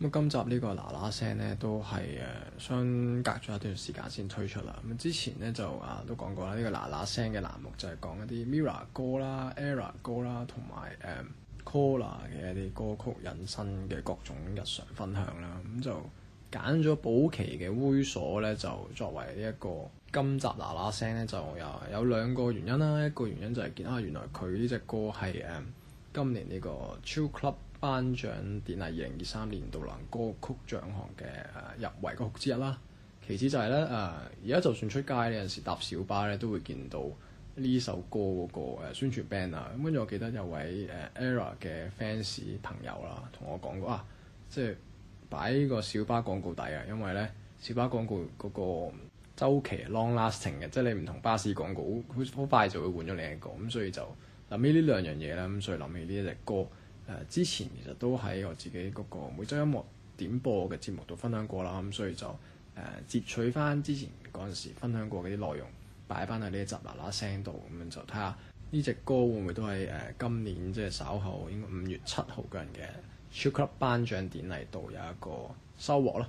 咁今集、這個、那那呢個嗱嗱聲咧都係誒、嗯、相隔咗一段時間先推出啦。咁之前咧就啊都講過啦，呢、這個嗱嗱聲嘅欄目就係講一啲 Mirror 歌啦、Error 歌啦，同埋誒、嗯、Collar 嘅一啲歌曲引申嘅各種日常分享啦。咁、嗯、就揀咗保錡嘅猥瑣咧，就作為一個今集嗱嗱聲咧，就有有兩個原因啦。一個原因就係見到啊，原來佢呢隻歌係誒、嗯、今年呢個 Chill Club。頒獎典禮二零二三年度蘭歌曲獎項嘅入圍歌曲之一啦。其次就係咧，誒而家就算出街有陣時搭小巴咧，都會見到呢首歌嗰個誒宣傳 banner 啊。咁跟住我記得有位誒 era 嘅 fans 朋友啦，同我講過啊，即係擺個小巴廣告底啊。因為咧小巴廣告嗰個週期 long lasting 嘅，即係你唔同巴士廣告好好快就會換咗另一個咁，所以就諗起呢兩樣嘢啦。咁所以諗起呢一隻歌。誒、呃、之前其實都喺我自己嗰個每週音樂點播嘅節目度分享過啦，咁、嗯、所以就誒、呃、截取翻之前嗰陣時分享過嗰啲內容擺翻喺呢一集啦啦聲度，咁、嗯、樣就睇下呢隻歌會唔會都係誒、呃、今年即係稍後應該五月七號嘅《Chill Club》頒獎典禮度有一個收穫咯。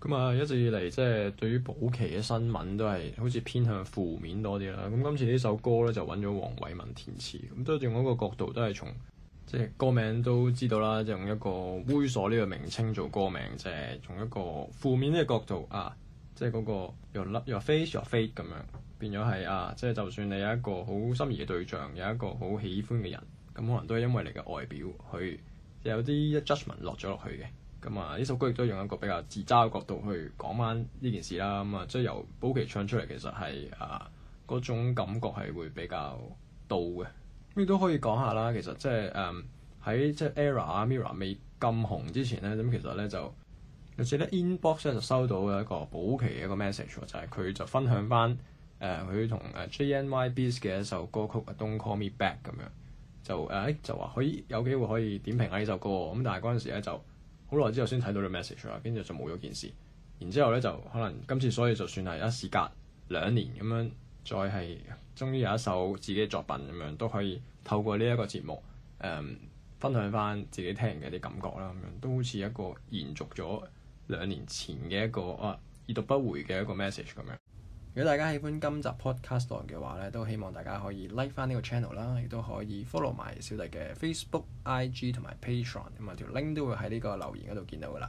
咁啊、嗯，一直以嚟即係對於保錡嘅新聞都係好似偏向負面多啲啦。咁今次呢首歌咧就揾咗黃偉文填詞，咁都係用一個角度都係從。即係歌名都知道啦，就是、用一個猥瑣呢個名稱做歌名，即係從一個負面呢個角度啊，即係嗰個 your love your face your fate 咁樣變咗係啊，即、就、係、是、就算你有一個好心儀嘅對象，有一個好喜歡嘅人，咁、嗯、可能都係因為你嘅外表有下下去有啲 judgment 落咗落去嘅。咁、嗯、啊，呢首歌亦都用一個比較自嘲嘅角度去講翻呢件事啦。咁、嗯、啊，即、就、係、是、由保錡唱出嚟，其實係啊嗰種感覺係會比較到嘅。咁都可以講下啦，其實即係誒喺即係 ERROR 啊、MIRROR 未咁紅之前咧，咁其實咧就有時、就、咧、是、inbox 上就收到有一個保錡嘅一個 message 喎，就係、是、佢就分享翻誒佢同誒 JNYBeatz 嘅一首歌曲《Don't Call Me Back》咁樣，就誒、呃、就話可以有機會可以點評下呢首歌喎，咁但係嗰陣時咧就好耐之後先睇到個 message，跟住就冇咗件事，然之後咧就可能今次所以就算係一時隔兩年咁樣。再係終於有一首自己作品咁樣，都可以透過呢一個節目，誒、嗯、分享翻自己聽嘅啲感覺啦，咁樣都好似一個延續咗兩年前嘅一個啊已讀不回嘅一個 message 咁樣。如果大家喜歡今集 podcast 嘅話咧，都希望大家可以 like 翻呢個 channel 啦，亦都可以 follow 埋小弟嘅 Facebook、IG 同埋 Patreon，咁啊條 link 都會喺呢個留言嗰度見到㗎喇。